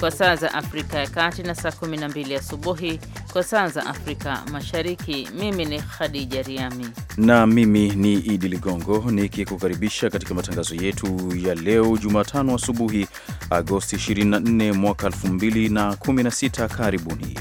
kwa saa za Afrika ya Kati na saa 12 asubuhi kwa saa za Afrika Mashariki. Mimi ni Khadija Riami na mimi ni Idi Ligongo nikikukaribisha katika matangazo yetu ya leo Jumatano asubuhi, Agosti 24 mwaka 2016. Karibuni.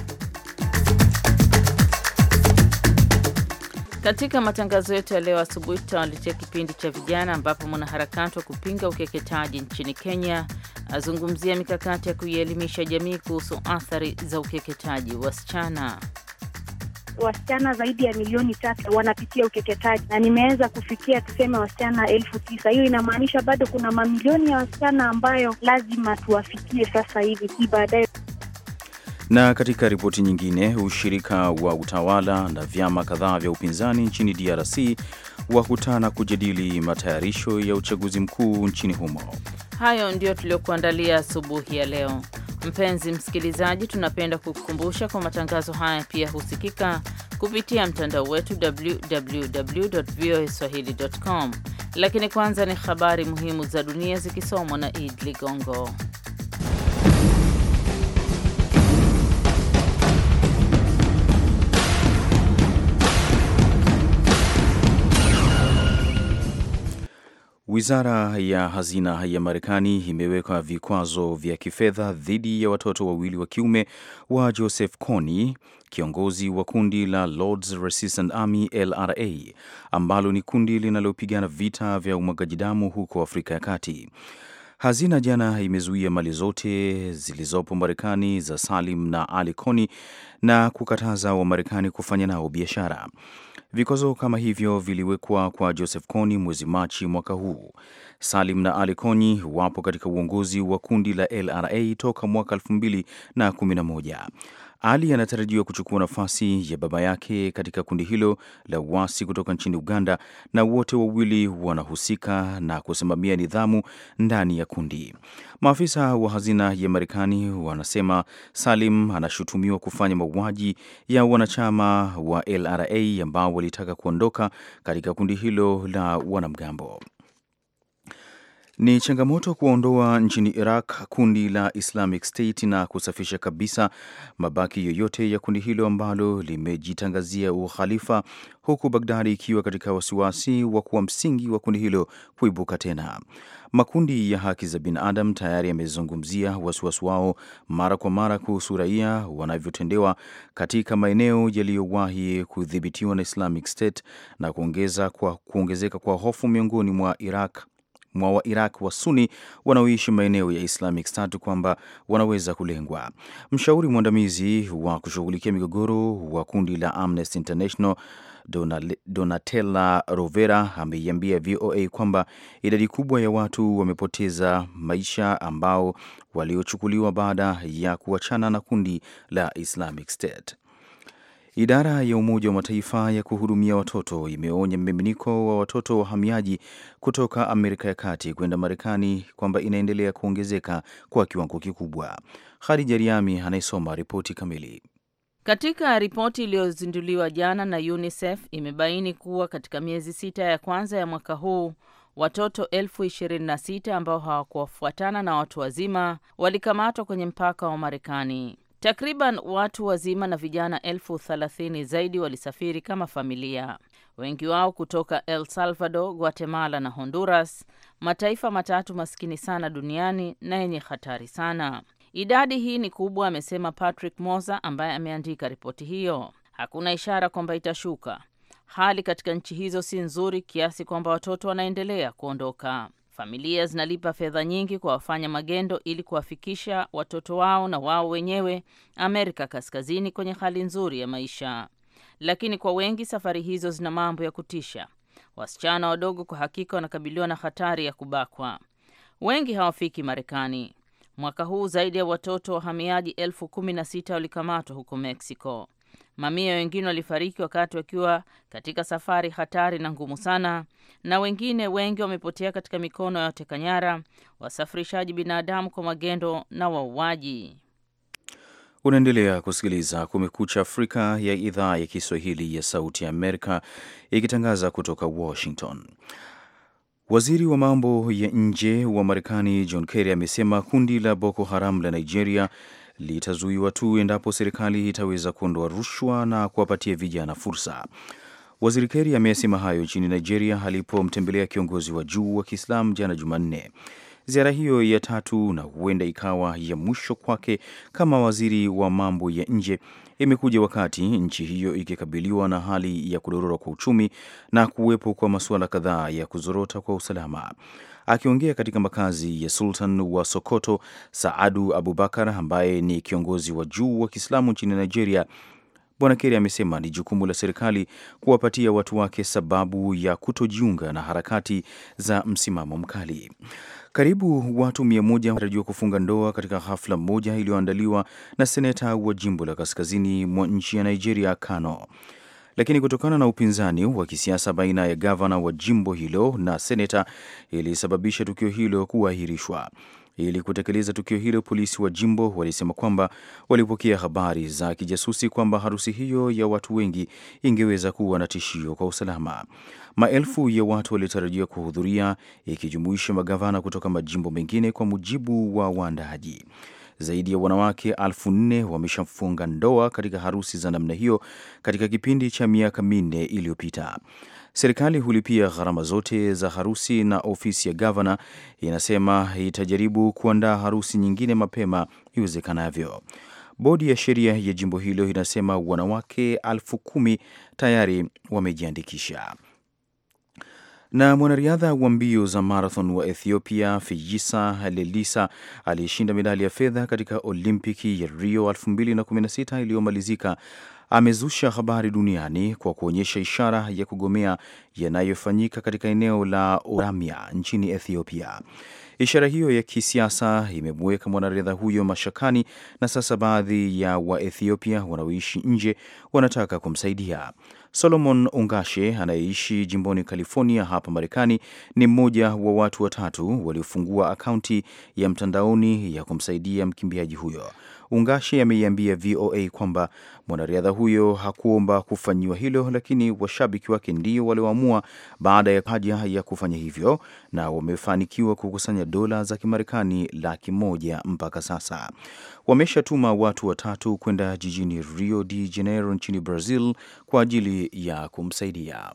Katika matangazo yetu ya leo asubuhi, tutawaletea kipindi cha vijana, ambapo mwanaharakati wa kupinga ukeketaji nchini Kenya azungumzia mikakati ya kuielimisha jamii kuhusu athari za ukeketaji wasichana. Wasichana zaidi ya milioni tatu wanapitia ukeketaji na nimeweza kufikia tuseme wasichana elfu tisa. Hiyo inamaanisha bado kuna mamilioni ya wasichana ambayo lazima tuwafikie sasa hivi, si baadaye na katika ripoti nyingine, ushirika wa utawala na vyama kadhaa vya upinzani nchini DRC wakutana kujadili matayarisho ya uchaguzi mkuu nchini humo. Hayo ndiyo tuliyokuandalia asubuhi ya leo. Mpenzi msikilizaji, tunapenda kukukumbusha kwa matangazo haya pia husikika kupitia mtandao wetu www voa swahili com. Lakini kwanza ni habari muhimu za dunia zikisomwa na Id Ligongo. Wizara ya hazina ya Marekani imeweka vikwazo vya kifedha dhidi ya watoto wawili wa kiume wa Joseph Kony, kiongozi wa kundi la Lords Resistance Army LRA, ambalo ni kundi linalopigana vita vya umwagaji damu huko Afrika ya Kati. Hazina jana imezuia mali zote zilizopo Marekani za Salim na Ali Kony na kukataza Wamarekani kufanya nao biashara. Vikwazo kama hivyo viliwekwa kwa Joseph Kony mwezi Machi mwaka huu. Salim na Ali Kony wapo katika uongozi wa kundi la LRA toka mwaka 2011. Ali anatarajiwa kuchukua nafasi ya baba yake katika kundi hilo la uasi kutoka nchini Uganda, na wote wawili wanahusika na kusimamia nidhamu ndani ya kundi. Maafisa wa hazina ya Marekani wanasema Salim anashutumiwa kufanya mauaji ya wanachama wa LRA ambao walitaka kuondoka katika kundi hilo la wanamgambo. Ni changamoto kuondoa nchini Iraq kundi la Islamic State na kusafisha kabisa mabaki yoyote ya kundi hilo ambalo limejitangazia ukhalifa, huku Bagdadi ikiwa katika wasiwasi wa kuwa msingi wa kundi hilo kuibuka tena. Makundi ya haki za binadamu tayari yamezungumzia wasiwasi wao mara kwa mara kuhusu raia wanavyotendewa katika maeneo yaliyowahi kudhibitiwa na Islamic State na kuongeza kwa, kuongezeka kwa hofu miongoni mwa Iraq mwa Wairaq wa Suni wanaoishi maeneo ya Islamic State kwamba wanaweza kulengwa. Mshauri mwandamizi wa kushughulikia migogoro wa kundi la Amnesty International Donatella Rovera ameiambia VOA kwamba idadi kubwa ya watu wamepoteza maisha ambao waliochukuliwa baada ya kuachana na kundi la Islamic State. Idara ya Umoja wa Mataifa ya kuhudumia watoto imeonya mmiminiko wa watoto wahamiaji kutoka Amerika ya Kati kwenda Marekani kwamba inaendelea kuongezeka kwa kiwango kikubwa. Khadija Riami anayesoma ripoti kamili. Katika ripoti iliyozinduliwa jana na UNICEF imebaini kuwa katika miezi sita ya kwanza ya mwaka huu watoto elfu ishirini na sita ambao hawakuwafuatana na watu wazima walikamatwa kwenye mpaka wa Marekani. Takriban watu wazima na vijana elfu thelathini zaidi walisafiri kama familia, wengi wao kutoka El Salvador, Guatemala na Honduras, mataifa matatu maskini sana duniani na yenye hatari sana. Idadi hii ni kubwa, amesema Patrick Moza ambaye ameandika ripoti hiyo. Hakuna ishara kwamba itashuka. Hali katika nchi hizo si nzuri kiasi kwamba watoto wanaendelea kuondoka. Familia zinalipa fedha nyingi kwa wafanya magendo ili kuwafikisha watoto wao na wao wenyewe Amerika Kaskazini kwenye hali nzuri ya maisha. Lakini kwa wengi safari hizo zina mambo ya kutisha. Wasichana wadogo kwa hakika wanakabiliwa na hatari ya kubakwa. Wengi hawafiki Marekani. Mwaka huu zaidi ya watoto wahamiaji elfu kumi na sita walikamatwa huko Mexico. Mamia wengine walifariki wakati wakiwa katika safari hatari na ngumu sana, na wengine wengi wamepotea katika mikono ya wateka nyara wasafirishaji binadamu kwa magendo na wauaji. Unaendelea kusikiliza Kumekucha Afrika ya idhaa ya Kiswahili ya Sauti ya Amerika ikitangaza kutoka Washington. Waziri wa mambo ya nje wa Marekani John Kerry amesema kundi la Boko Haram la Nigeria litazuiwa tu endapo serikali itaweza kuondoa rushwa na kuwapatia vijana fursa. Waziri Keri ameyasema hayo nchini Nigeria alipomtembelea kiongozi wa juu wa Kiislamu jana Jumanne. Ziara hiyo ya tatu na huenda ikawa ya mwisho kwake kama waziri wa mambo ya nje imekuja wakati nchi hiyo ikikabiliwa na hali ya kudorora kwa uchumi na kuwepo kwa masuala kadhaa ya kuzorota kwa usalama. Akiongea katika makazi ya Sultan wa Sokoto, Saadu Abubakar ambaye ni kiongozi wa juu wa Kiislamu nchini Nigeria, Bwana Keri amesema ni jukumu la serikali kuwapatia watu wake sababu ya kutojiunga na harakati za msimamo mkali. Karibu watu mia moja wanatarajiwa kufunga ndoa katika hafla moja iliyoandaliwa na seneta wa jimbo la kaskazini mwa nchi ya Nigeria, Kano lakini kutokana na upinzani wa kisiasa baina ya gavana wa jimbo hilo na seneta ilisababisha tukio hilo kuahirishwa. Ili kutekeleza tukio hilo, polisi wa jimbo walisema kwamba walipokea habari za kijasusi kwamba harusi hiyo ya watu wengi ingeweza kuwa na tishio kwa usalama. Maelfu ya watu waliotarajiwa kuhudhuria, ikijumuisha magavana kutoka majimbo mengine, kwa mujibu wa waandaaji. Zaidi ya wanawake alfu nne wameshafunga ndoa katika harusi za namna hiyo katika kipindi cha miaka minne iliyopita. Serikali hulipia gharama zote za harusi na ofisi ya gavana inasema itajaribu kuandaa harusi nyingine mapema iwezekanavyo. Bodi ya sheria ya jimbo hilo inasema wanawake elfu kumi tayari wamejiandikisha na mwanariadha wa mbio za marathon wa Ethiopia Fijisa Lelisa aliyeshinda medali ya fedha katika Olimpiki ya Rio 2016 iliyomalizika amezusha habari duniani kwa kuonyesha ishara ya kugomea yanayofanyika katika eneo la Oromia nchini Ethiopia. Ishara hiyo ya kisiasa imemweka mwanariadha huyo mashakani na sasa baadhi ya Waethiopia wanaoishi nje wanataka kumsaidia. Solomon Ungashe anayeishi jimboni California hapa Marekani ni mmoja wa watu watatu waliofungua akaunti ya mtandaoni ya kumsaidia mkimbiaji huyo. Ungashi ameiambia VOA kwamba mwanariadha huyo hakuomba kufanyiwa hilo, lakini washabiki wake ndio walioamua baada ya haja ya kufanya hivyo, na wamefanikiwa kukusanya dola za Kimarekani laki moja mpaka sasa. Wameshatuma watu watatu kwenda jijini Rio de Janeiro nchini Brazil kwa ajili ya kumsaidia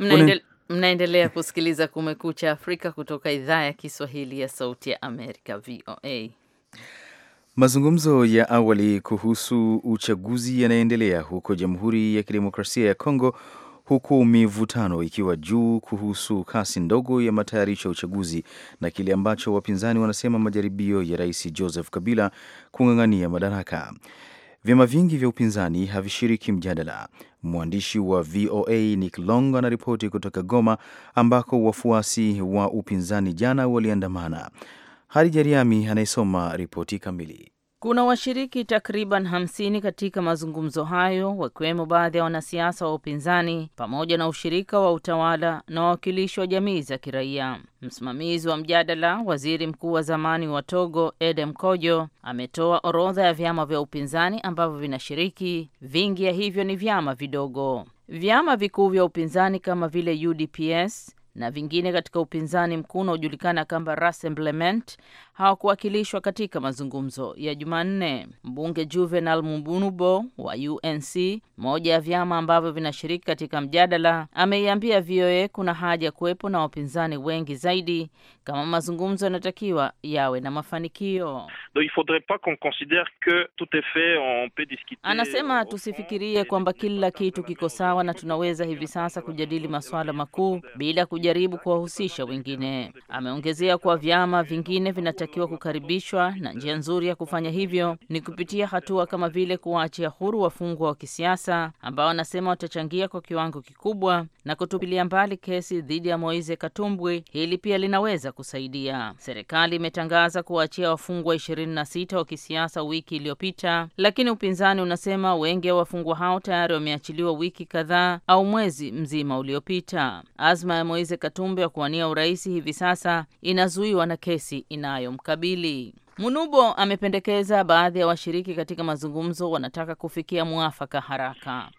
Mnaendelea mnaendele kusikiliza Kumekucha Afrika kutoka idhaa ya Kiswahili ya Sauti ya Amerika, VOA. Mazungumzo ya awali kuhusu uchaguzi yanaendelea huko Jamhuri ya Kidemokrasia ya Kongo, huku mivutano ikiwa juu kuhusu kasi ndogo ya matayarisho ya uchaguzi na kile ambacho wapinzani wanasema majaribio ya Rais Joseph Kabila kung'ang'ania madaraka. Vyama vingi vya upinzani havishiriki mjadala Mwandishi wa VOA Nick Long anaripoti kutoka Goma ambako wafuasi wa upinzani jana waliandamana. hadi jariami anayesoma ripoti kamili. Kuna washiriki takriban hamsini katika mazungumzo hayo, wakiwemo baadhi ya wanasiasa wa upinzani pamoja na ushirika wa utawala na wawakilishi wa jamii za kiraia. Msimamizi wa mjadala, waziri mkuu wa zamani wa Togo Edem Kojo, ametoa orodha ya vyama vya upinzani ambavyo vinashiriki. Vingi ya hivyo ni vyama vidogo. Vyama vikuu vya upinzani kama vile UDPS na vingine katika upinzani mkuu unaojulikana kama Rassemblement hawakuwakilishwa katika mazungumzo ya Jumanne. Mbunge Juvenal Mubunubo wa UNC, moja ya vyama ambavyo vinashiriki katika mjadala, ameiambia VOA kuna haja ya kuwepo na wapinzani wengi zaidi kama mazungumzo yanatakiwa yawe na mafanikio. Anasema tusifikirie kwamba kila kitu kiko sawa na tunaweza hivi sasa kujadili masuala makuu bila kujaribu kuwahusisha wengine. Ameongezea kuwa vyama vingine vinatakiwa kukaribishwa na njia nzuri ya kufanya hivyo ni kupitia hatua kama vile kuwaachia huru wafungwa wa kisiasa ambao anasema watachangia kwa kiwango kikubwa na kutupilia mbali kesi dhidi ya Moise Katumbwi. Hili pia linaweza kusaidia. Serikali imetangaza kuwaachia wafungwa 26 wa kisiasa wiki iliyopita, lakini upinzani unasema wengi wa wafungwa hao tayari wameachiliwa wiki kadhaa au mwezi mzima uliopita. Azma ya Moise Moise Katumbi wa kuwania urais hivi sasa inazuiwa na kesi inayomkabili. Munubo amependekeza baadhi ya washiriki katika mazungumzo wanataka kufikia mwafaka haraka.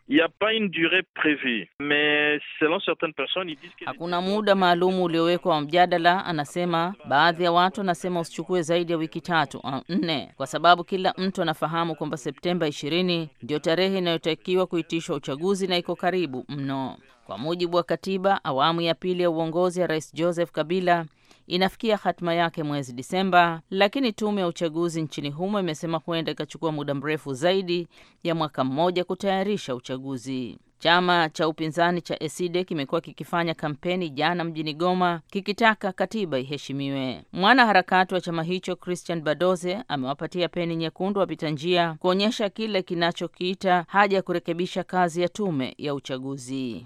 Hakuna muda maalumu uliowekwa wa mjadala, anasema. Baadhi ya watu anasema usichukue zaidi ya wiki tatu au nne, kwa sababu kila mtu anafahamu kwamba Septemba ishirini ndiyo tarehe inayotakiwa kuitishwa uchaguzi na iko karibu mno. Kwa mujibu wa katiba, awamu ya pili ya uongozi ya Rais Joseph Kabila inafikia hatima yake mwezi Disemba, lakini tume ya uchaguzi nchini humo imesema huenda ikachukua muda mrefu zaidi ya mwaka mmoja kutayarisha uchaguzi. Chama cha upinzani cha ESIDE kimekuwa kikifanya kampeni jana mjini Goma kikitaka katiba iheshimiwe. Mwanaharakati wa chama hicho Christian Badoze amewapatia peni nyekundu wapita njia kuonyesha kile kinachokiita haja ya kurekebisha kazi ya tume ya uchaguzi.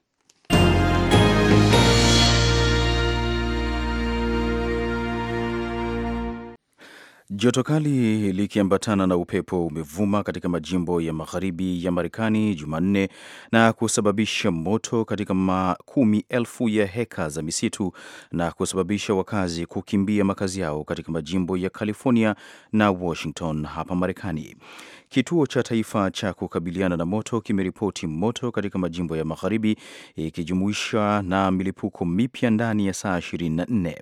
Joto kali likiambatana na upepo umevuma katika majimbo ya magharibi ya Marekani Jumanne na kusababisha moto katika makumi elfu ya heka za misitu na kusababisha wakazi kukimbia makazi yao katika majimbo ya California na Washington hapa Marekani. Kituo cha Taifa cha Kukabiliana na Moto kimeripoti moto katika majimbo ya magharibi ikijumuisha na milipuko mipya ndani ya saa 24.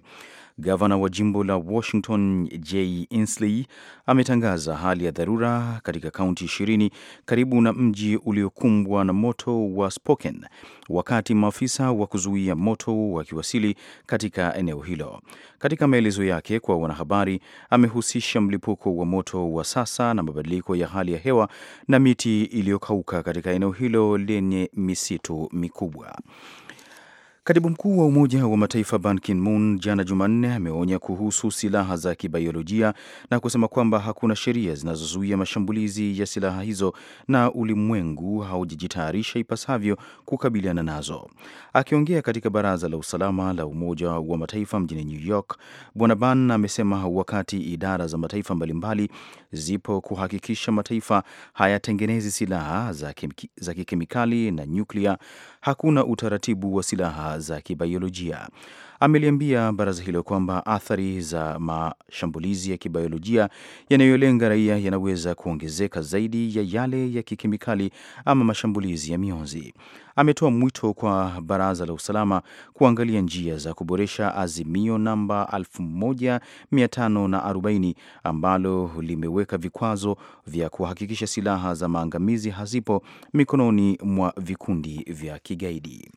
Gavana wa jimbo la Washington Jay Inslee ametangaza hali ya dharura katika kaunti ishirini karibu na mji uliokumbwa na moto wa Spokane, wakati maafisa wa kuzuia moto wakiwasili katika eneo hilo. Katika maelezo yake kwa wanahabari, amehusisha mlipuko wa moto wa sasa na mabadiliko ya hali ya hewa na miti iliyokauka katika eneo hilo lenye misitu mikubwa. Katibu mkuu wa Umoja wa Mataifa Ban Ki-moon jana Jumanne ameonya kuhusu silaha za kibaiolojia na kusema kwamba hakuna sheria zinazozuia mashambulizi ya silaha hizo na ulimwengu haujajitayarisha ipasavyo kukabiliana nazo. Akiongea katika Baraza la Usalama la Umoja wa Mataifa mjini New York, Bwana Ban amesema wakati idara za mataifa mbalimbali zipo kuhakikisha mataifa hayatengenezi silaha za kikemikali na nyuklia, hakuna utaratibu wa silaha za kibaiolojia. Ameliambia baraza hilo kwamba athari za mashambulizi ya kibaiolojia yanayolenga raia yanaweza kuongezeka zaidi ya yale ya kikemikali ama mashambulizi ya mionzi. Ametoa mwito kwa baraza la usalama kuangalia njia za kuboresha azimio namba 1540 ambalo limeweka vikwazo vya kuhakikisha silaha za maangamizi hazipo mikononi mwa vikundi vya kigaidi.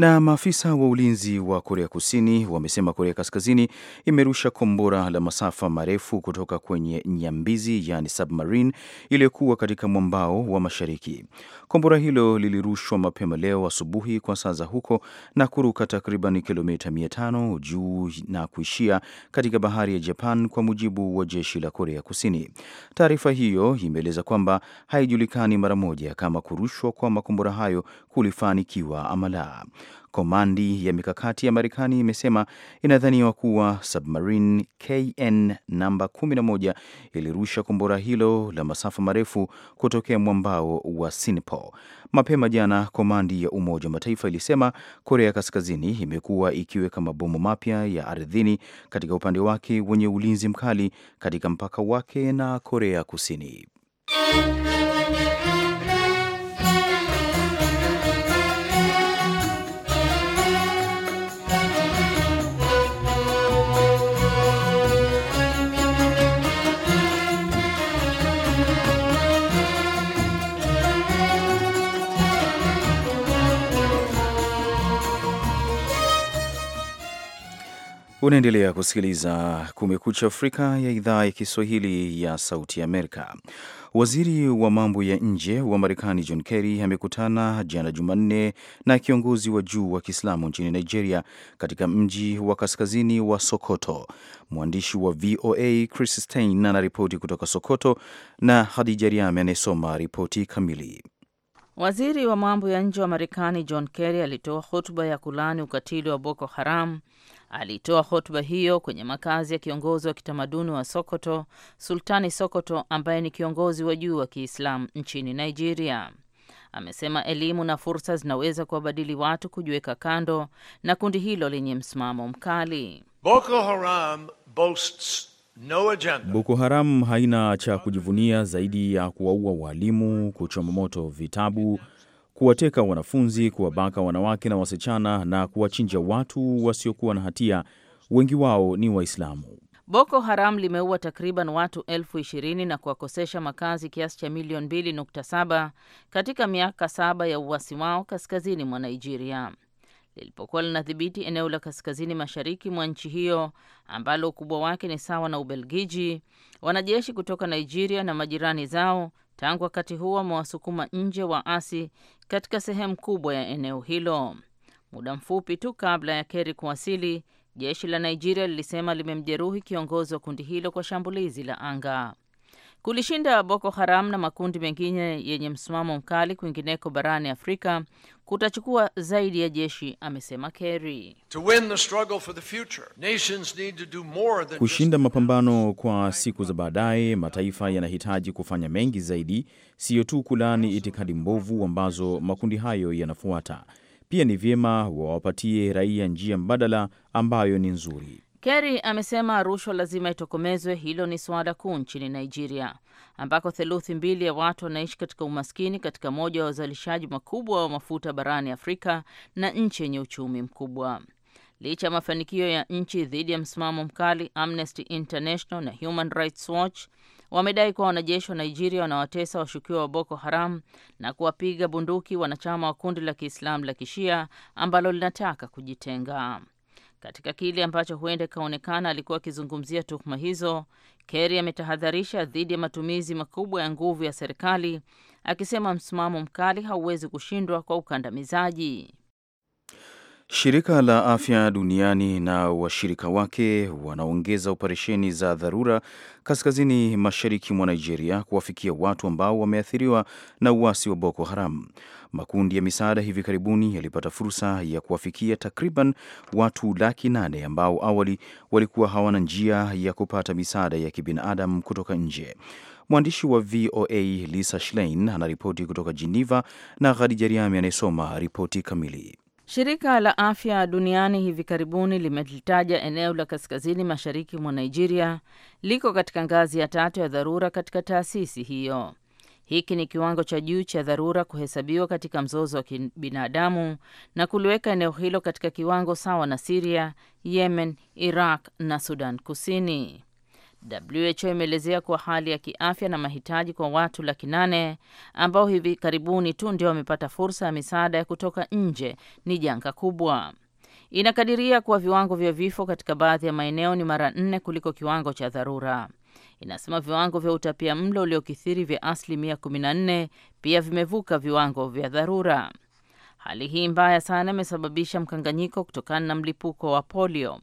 Na maafisa wa ulinzi wa Korea Kusini wamesema Korea Kaskazini imerusha kombora la masafa marefu kutoka kwenye nyambizi, yani submarine, iliyokuwa katika mwambao wa mashariki. Kombora hilo lilirushwa mapema leo asubuhi kwa saa za huko na kuruka takriban kilomita 500 juu na kuishia katika bahari ya Japan, kwa mujibu wa jeshi la Korea Kusini. Taarifa hiyo imeeleza kwamba haijulikani mara moja kama kurushwa kwa makombora hayo kulifanikiwa ama la. Komandi ya mikakati ya Marekani imesema inadhaniwa kuwa submarine KN namba 11 ilirusha kombora hilo la masafa marefu kutokea mwambao wa Sinpo. Mapema jana, komandi ya Umoja wa Mataifa ilisema Korea Kaskazini imekuwa ikiweka mabomu mapya ya ardhini katika upande wake wenye ulinzi mkali katika mpaka wake na Korea Kusini. Unaendelea kusikiliza Kumekucha Afrika ya idhaa ya Kiswahili ya Sauti ya Amerika. Waziri wa mambo ya nje wa Marekani John Kerry amekutana jana Jumanne na kiongozi wa juu wa Kiislamu nchini Nigeria katika mji wa kaskazini wa Sokoto. Mwandishi wa VOA Chris Stein anaripoti kutoka Sokoto na Hadija Riame anayesoma ripoti kamili. Waziri wa mambo ya nje wa Marekani John Kerry alitoa hotuba ya kulani ukatili wa Boko Haram Alitoa hotuba hiyo kwenye makazi ya kiongozi wa kitamaduni wa Sokoto, Sultani Sokoto, ambaye ni kiongozi wa juu wa Kiislamu nchini Nigeria. Amesema elimu na fursa zinaweza kuwabadili watu kujiweka kando na kundi hilo lenye msimamo mkali. Boko Haram boasts no agenda. Boko Haram haina cha kujivunia zaidi ya kuwaua walimu, kuchoma moto vitabu kuwateka wanafunzi, kuwabaka wanawake na wasichana na kuwachinja watu wasiokuwa na hatia, wengi wao ni Waislamu. Boko Haram limeua takriban watu elfu ishirini na kuwakosesha makazi kiasi cha milioni 2.7 katika miaka saba ya uasi wao kaskazini mwa Nigeria lilipokuwa linadhibiti eneo la kaskazini mashariki mwa nchi hiyo ambalo ukubwa wake ni sawa na Ubelgiji. Wanajeshi kutoka Nigeria na majirani zao tangu wakati huo wamewasukuma nje waasi katika sehemu kubwa ya eneo hilo. Muda mfupi tu kabla ya Keri kuwasili, jeshi la Nigeria lilisema limemjeruhi kiongozi wa kundi hilo kwa shambulizi la anga. Kulishinda Boko Haram na makundi mengine yenye msimamo mkali kwingineko barani Afrika kutachukua zaidi ya jeshi, amesema Kerry. Kushinda mapambano kwa siku za baadaye, mataifa yanahitaji kufanya mengi zaidi, siyo tu kulaani itikadi mbovu ambazo makundi hayo yanafuata. Pia ni vyema wawapatie raia njia mbadala ambayo ni nzuri. Kerry amesema rushwa lazima itokomezwe. Hilo ni suala kuu nchini Nigeria, ambako theluthi mbili ya watu wanaishi katika umaskini katika moja wa wazalishaji makubwa wa mafuta barani Afrika na nchi yenye uchumi mkubwa. Licha ya mafanikio ya nchi dhidi ya msimamo mkali, Amnesty International na Human Rights Watch wamedai kuwa wanajeshi wa Nigeria wanawatesa washukiwa wa Boko Haram na kuwapiga bunduki wanachama wa kundi la Kiislamu la Kishia ambalo linataka kujitenga. Katika kile ambacho huenda ikaonekana alikuwa akizungumzia tuhuma hizo, Kerry ametahadharisha dhidi ya matumizi makubwa ya nguvu ya serikali, akisema msimamo mkali hauwezi kushindwa kwa ukandamizaji. Shirika la Afya Duniani na washirika wake wanaongeza operesheni za dharura kaskazini mashariki mwa Nigeria kuwafikia watu ambao wameathiriwa na uasi wa Boko Haram. Makundi ya misaada hivi karibuni yalipata fursa ya kuwafikia takriban watu laki nane ambao awali walikuwa hawana njia ya kupata misaada ya kibinadamu kutoka nje. Mwandishi wa VOA Lisa Schlein anaripoti kutoka Geneva na Khadija Riami anayesoma ripoti kamili. Shirika la Afya Duniani hivi karibuni limelitaja eneo la kaskazini mashariki mwa Nigeria liko katika ngazi ya tatu ya dharura katika taasisi hiyo. Hiki ni kiwango cha juu cha dharura kuhesabiwa katika mzozo wa kibinadamu na kuliweka eneo hilo katika kiwango sawa na Siria, Yemen, Iraq na Sudan Kusini. WHO imeelezea kuwa hali ya kiafya na mahitaji kwa watu laki nane ambao hivi karibuni tu ndio wamepata fursa ya misaada ya kutoka nje ni janga kubwa. Inakadiria kuwa viwango vya vifo katika baadhi ya maeneo ni mara nne kuliko kiwango cha dharura. Inasema viwango vya utapia mlo uliokithiri vya asilimia 14 pia vimevuka viwango vya dharura. Hali hii mbaya sana imesababisha mkanganyiko kutokana na mlipuko wa polio.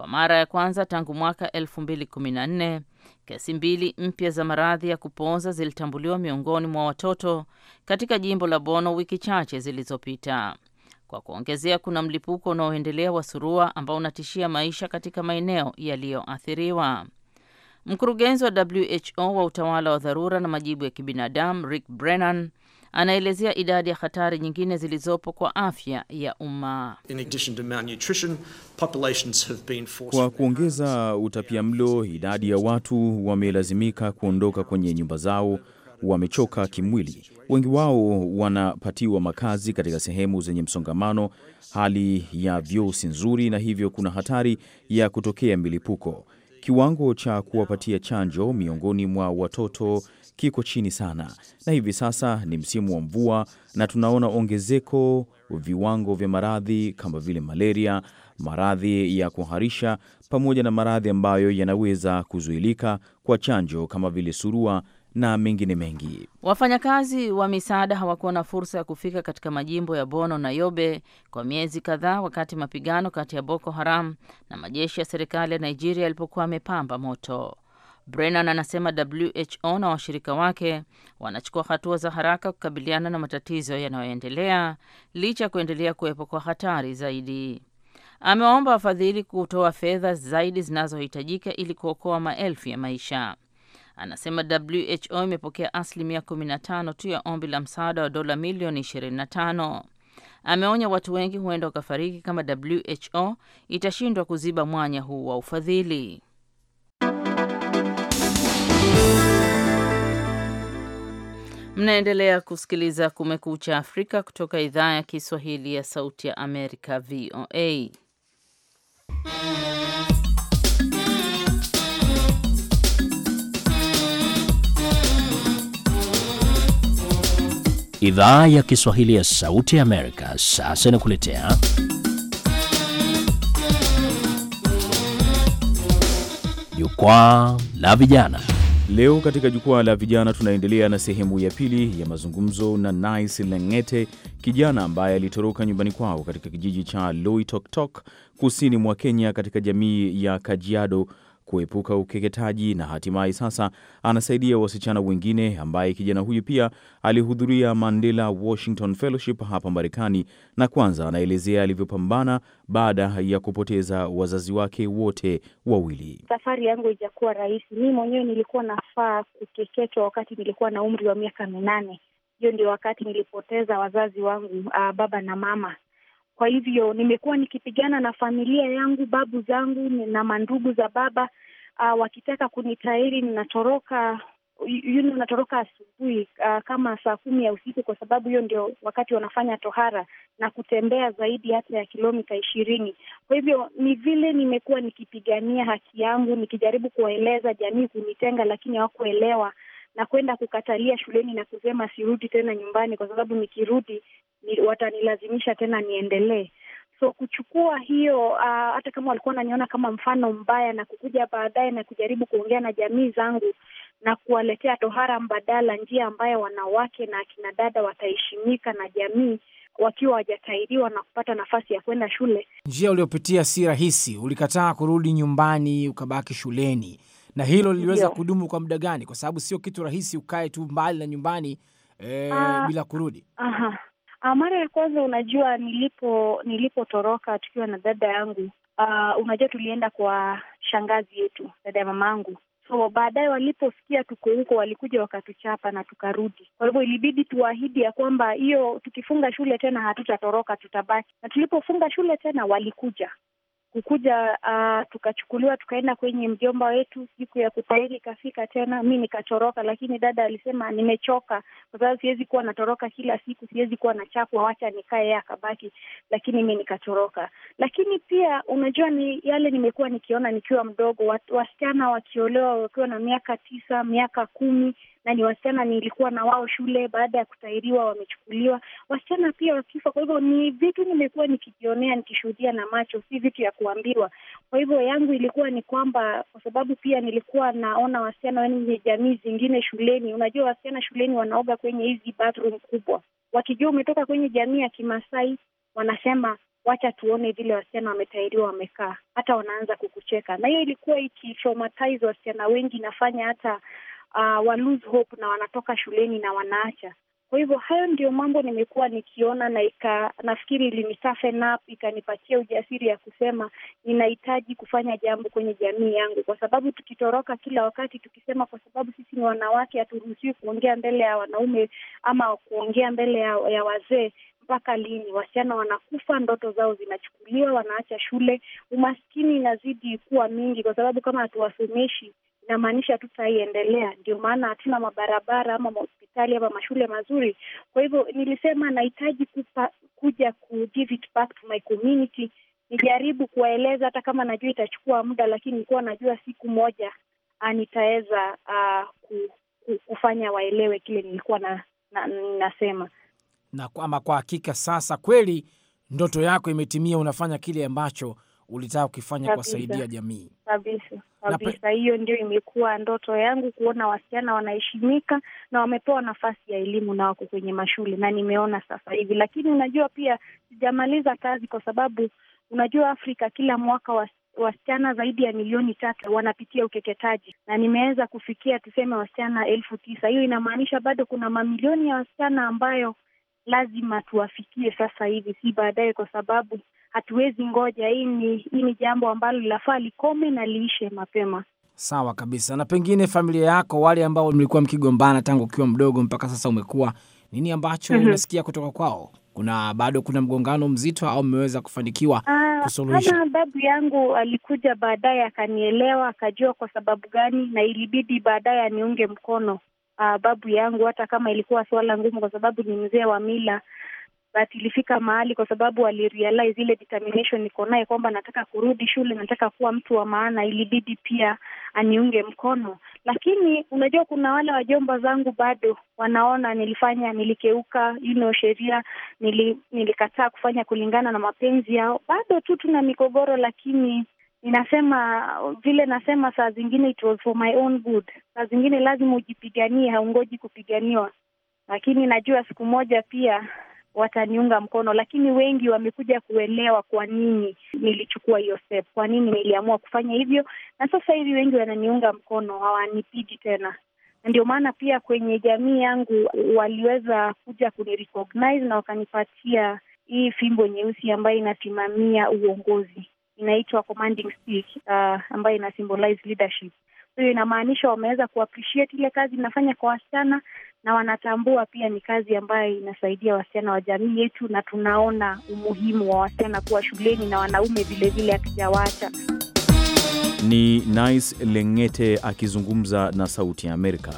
Kwa mara ya kwanza tangu mwaka 2014 kesi mbili mpya za maradhi ya kupooza zilitambuliwa miongoni mwa watoto katika jimbo la Bono wiki chache zilizopita. Kwa kuongezea, kuna mlipuko unaoendelea wa surua ambao unatishia maisha katika maeneo yaliyoathiriwa. Mkurugenzi wa WHO wa utawala wa dharura na majibu ya kibinadamu Rick Brennan Anaelezea idadi ya hatari nyingine zilizopo kwa afya ya umma. Kwa kuongeza mlo idadi ya watu wamelazimika kuondoka kwenye nyumba zao, wamechoka kimwili. Wengi wao wanapatiwa makazi katika sehemu zenye msongamano, hali ya vyoo si nzuri, na hivyo kuna hatari ya kutokea milipuko. Kiwango cha kuwapatia chanjo miongoni mwa watoto kiko chini sana, na hivi sasa ni msimu wa mvua na tunaona ongezeko viwango vya maradhi kama vile malaria, maradhi ya kuharisha, pamoja na maradhi ambayo yanaweza kuzuilika kwa chanjo kama vile surua na mengine mengi. Wafanyakazi wa misaada hawakuwa na fursa ya kufika katika majimbo ya Bono na Yobe kwa miezi kadhaa, wakati mapigano kati ya Boko Haram na majeshi ya serikali ya Nigeria yalipokuwa yamepamba moto. Brennan anasema WHO na washirika wake wanachukua hatua za haraka kukabiliana na matatizo yanayoendelea licha ya kuendelea kuwepo kwa hatari zaidi. Amewaomba wafadhili kutoa fedha zaidi zinazohitajika ili kuokoa maelfu ya maisha. Anasema WHO imepokea asilimia 15 tu ya ombi la msaada wa dola milioni 25. Ameonya watu wengi huenda wakafariki kama WHO itashindwa kuziba mwanya huu wa ufadhili. Mnaendelea kusikiliza Kumekucha Afrika kutoka idhaa ya Kiswahili ya Sauti ya Amerika, VOA. Idhaa ya Kiswahili ya Sauti ya Amerika sasa inakuletea Jukwaa la Vijana. Leo katika jukwaa la vijana tunaendelea na sehemu ya pili ya mazungumzo na Nice Lengete, kijana ambaye alitoroka nyumbani kwao katika kijiji cha Loitoktok kusini mwa Kenya, katika jamii ya Kajiado kuepuka ukeketaji na hatimaye sasa anasaidia wasichana wengine, ambaye kijana huyu pia alihudhuria Mandela Washington Fellowship hapa Marekani, na kwanza anaelezea alivyopambana baada ya kupoteza wazazi wake wote wawili. Safari yangu haijakuwa rahisi. Mimi mwenyewe nilikuwa nafaa kukeketwa wakati nilikuwa na umri wa miaka minane. Hiyo ndio wakati nilipoteza wazazi wangu, uh, baba na mama kwa hivyo nimekuwa nikipigana na familia yangu, babu zangu na mandugu za baba uh, wakitaka kunitairi ninatoroka yuno natoroka asubuhi uh, kama saa kumi ya usiku, kwa sababu hiyo ndio wakati wanafanya tohara na kutembea zaidi hata ya kilomita ishirini. Kwa hivyo ni vile nimekuwa nikipigania haki yangu, nikijaribu kuwaeleza jamii kunitenga, lakini hawakuelewa na kwenda kukatalia shuleni na kusema sirudi tena nyumbani, kwa sababu nikirudi ni, watanilazimisha tena niendelee. So kuchukua hiyo uh, hata kama walikuwa wananiona kama mfano mbaya na kukuja baadaye na kujaribu kuongea na jamii zangu na kuwaletea tohara mbadala, njia ambayo wanawake na akina dada wataheshimika na jamii wakiwa wajatairiwa na kupata nafasi ya kwenda shule. Njia uliopitia si rahisi, ulikataa kurudi nyumbani, ukabaki shuleni, na hilo liliweza kudumu kwa muda gani? Kwa sababu sio kitu rahisi ukae tu mbali na nyumbani e, bila kurudi. Aha. Ah, mara ya kwanza, unajua, nilipo nilipotoroka tukiwa na dada yangu uh, unajua, tulienda kwa shangazi yetu, dada ya yangu So baadaye waliposikia tuko huko, walikuja wakatuchapa na tukarudi. Kwa hivyo ilibidi tuahidi ya kwamba hiyo tukifunga shule tena hatutatoroka, tutabaki. Na tulipofunga shule tena walikuja kukuja uh, tukachukuliwa tukaenda kwenye mjomba wetu. Siku ya kutahiri ikafika tena, mi nikatoroka, lakini dada alisema nimechoka, kwa sababu siwezi kuwa natoroka kila siku, siwezi kuwa na nachapwa, wacha nikae, yeye akabaki, lakini mi nikatoroka. Lakini pia unajua, ni yale nimekuwa nikiona nikiwa mdogo, wasichana wakiolewa wakiwa na miaka tisa, miaka kumi na ni wasichana nilikuwa na wao shule, baada ya kutahiriwa wamechukuliwa wasichana pia wakifa. Kwa hivyo ni vitu nimekuwa nikijionea, nikishuhudia na macho, si vitu ya kuambiwa. Kwa hivyo yangu ilikuwa ni kwamba, kwa sababu pia nilikuwa naona wasichana wenye jamii zingine shuleni, unajua wasichana shuleni wanaoga kwenye hizi bathroom kubwa, wakijua umetoka kwenye jamii ya Kimasai wanasema wacha tuone vile wasichana wametairiwa wamekaa, hata wanaanza kukucheka. Na hiyo ilikuwa ikitraumatize wasichana wengi, inafanya hata uh, wa lose hope na wanatoka shuleni na wanaacha. Kwa hivyo hayo ndio mambo nimekuwa nikiona na ika, nafikiri ilinisafen up ikanipatia ujasiri ya kusema ninahitaji kufanya jambo kwenye jamii yangu, kwa sababu tukitoroka kila wakati tukisema kwa sababu sisi ni wanawake haturuhusiwi kuongea mbele ya wanaume ama kuongea mbele ya, ya wazee mpaka lini? Wasichana wanakufa, ndoto zao zinachukuliwa, wanaacha shule, umaskini inazidi kuwa mingi, kwa sababu kama hatuwasomeshi inamaanisha tutaiendelea Ndio maana hatuna mabarabara ama mahospitali ama mashule mazuri. Kwa hivyo nilisema nahitaji kuja ku give it back to my community, nijaribu kuwaeleza, hata kama najua itachukua muda, lakini ikuwa najua siku moja ah, nitaweza uh, kufanya waelewe kile nilikuwa na, na, nasema na ama kwa hakika sasa kweli ndoto yako imetimia, unafanya kile ambacho ulitaka kukifanya kuwasaidia jamii kabisa kabisa. Hiyo ndio imekuwa ndoto yangu, kuona wasichana wanaheshimika na wamepewa nafasi ya elimu na wako kwenye mashule, na nimeona sasa hivi. Lakini unajua pia sijamaliza kazi, kwa sababu unajua Afrika kila mwaka wa wasichana zaidi ya milioni tatu wanapitia ukeketaji na nimeweza kufikia tuseme wasichana elfu tisa. Hiyo inamaanisha bado kuna mamilioni ya wasichana ambayo lazima tuwafikie sasa hivi, si baadaye, kwa sababu hatuwezi ngoja. Hii ni hii ni jambo ambalo linafaa likome na liishe mapema. Sawa kabisa. Na pengine familia yako, wale ambao mlikuwa mkigombana tangu ukiwa mdogo mpaka sasa umekuwa, nini ambacho mm -hmm. unasikia kutoka kwao? Kuna bado kuna mgongano mzito au mmeweza kufanikiwa ah, kusuluhisha? babu yangu alikuja baadaye akanielewa, akajua kwa sababu gani, na ilibidi baadaye aniunge mkono. Ah, babu yangu hata kama ilikuwa suala ngumu, kwa sababu ni mzee wa mila but ilifika mahali kwa sababu alirealize ile determination niko naye kwamba nataka kurudi shule, nataka kuwa mtu wa maana, ilibidi pia aniunge mkono. Lakini unajua kuna wale wajomba zangu bado wanaona nilifanya, nilikeuka you know, sheria, nili, nilikataa kufanya kulingana na mapenzi yao. Bado tu tuna migogoro, lakini ninasema vile nasema, saa zingine it was for my own good. Saa zingine lazima ujipiganie, haungoji kupiganiwa, lakini najua siku moja pia wataniunga mkono, lakini wengi wamekuja kuelewa kwa nini nilichukua hiyo step, kwa nini niliamua kufanya hivyo, na sasa hivi wengi wananiunga mkono, hawanipidi tena. Ndio maana pia kwenye jamii yangu waliweza kuja kunirecognize na wakanipatia hii fimbo nyeusi ambayo inasimamia uongozi, inaitwa commanding stick, uh, ambayo ina symbolize leadership. Hiyo inamaanisha wameweza kuappreciate ile kazi inafanya kwa wasichana na wanatambua pia ni kazi ambayo inasaidia wasichana wa jamii yetu, na tunaona umuhimu wa wasichana kuwa shuleni na wanaume vilevile akijawacha. Ni Nice Lengete akizungumza na Sauti ya Amerika.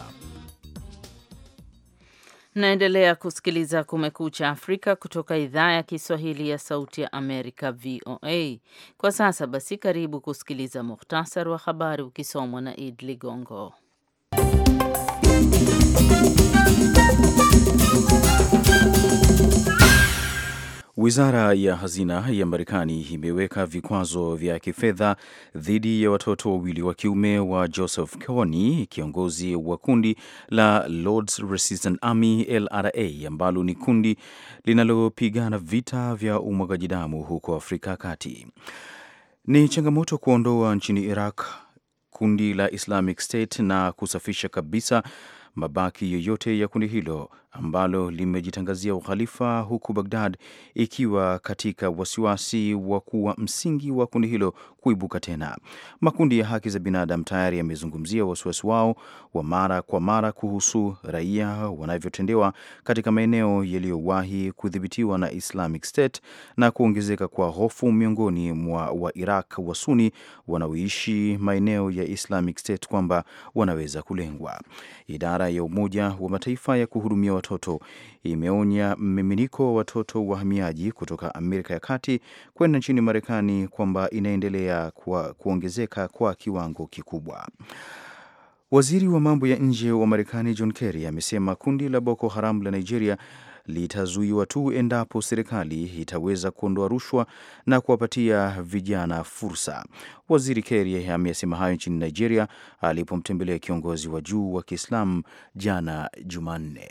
Mnaendelea kusikiliza Kumekucha Afrika kutoka idhaa ya Kiswahili ya Sauti ya Amerika, VOA. Kwa sasa basi, karibu kusikiliza muhtasari wa habari ukisomwa na Id Ligongo. Wizara ya hazina ya Marekani imeweka vikwazo vya kifedha dhidi ya watoto wawili wa kiume wa Joseph Kony, kiongozi wa kundi la Lords Resistance Army LRA, ambalo ni kundi linalopigana vita vya umwagaji damu huko Afrika Kati. Ni changamoto kuondoa nchini Iraq kundi la Islamic State na kusafisha kabisa mabaki yoyote ya kundi hilo ambalo limejitangazia ukhalifa huku Bagdad ikiwa katika wasiwasi wa kuwa msingi wa kundi hilo kuibuka tena. Makundi ya haki za binadamu tayari yamezungumzia wasiwasi wao wa mara kwa mara kuhusu raia wanavyotendewa katika maeneo yaliyowahi kudhibitiwa na Islamic State na kuongezeka kwa hofu miongoni mwa Wairaq wa Suni wanaoishi maeneo ya Islamic State kwamba wanaweza kulengwa. Idara ya Umoja wa Mataifa ya kuhudumia watoto imeonya mmiminiko wa watoto wahamiaji kutoka Amerika ya Kati kwenda nchini Marekani kwamba inaendelea kuelekea kwa kuongezeka kwa kiwango kikubwa. Waziri wa mambo ya nje wa Marekani John Kerry amesema kundi la Boko Haram la Nigeria litazuiwa tu endapo serikali itaweza kuondoa rushwa na kuwapatia vijana fursa. Waziri Kerry amesema hayo nchini Nigeria alipomtembelea kiongozi wa juu wa Kiislamu jana Jumanne.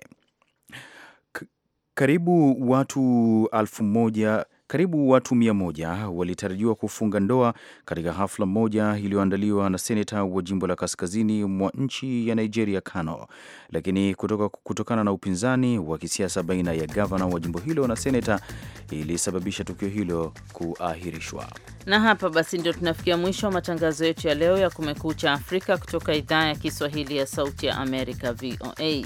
Karibu watu elfu moja karibu watu mia moja walitarajiwa kufunga ndoa katika hafla moja iliyoandaliwa na seneta wa jimbo la kaskazini mwa nchi ya Nigeria, Kano, lakini kutoka, kutokana na upinzani wa kisiasa baina ya gavana wa jimbo hilo na seneta ilisababisha tukio hilo kuahirishwa. Na hapa basi ndio tunafikia mwisho wa matangazo yetu ya leo ya Kumekucha Afrika kutoka idhaa ya Kiswahili ya Sauti ya Amerika, VOA.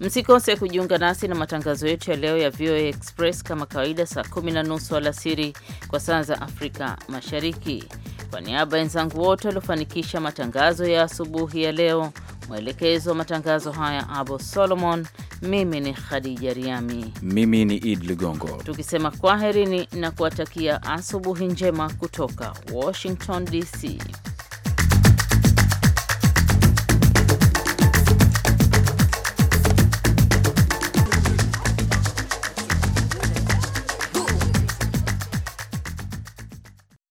Msikose kujiunga nasi na matangazo yetu ya leo ya VOA Express kama kawaida, saa kumi na nusu alasiri kwa saa za Afrika Mashariki. Kwa niaba ya wenzangu wote waliofanikisha matangazo ya asubuhi ya leo, mwelekezo wa matangazo haya Abo Solomon, mimi ni Khadija Riami, mimi ni Id Ligongo, tukisema kwaherini na kuwatakia asubuhi njema kutoka Washington DC.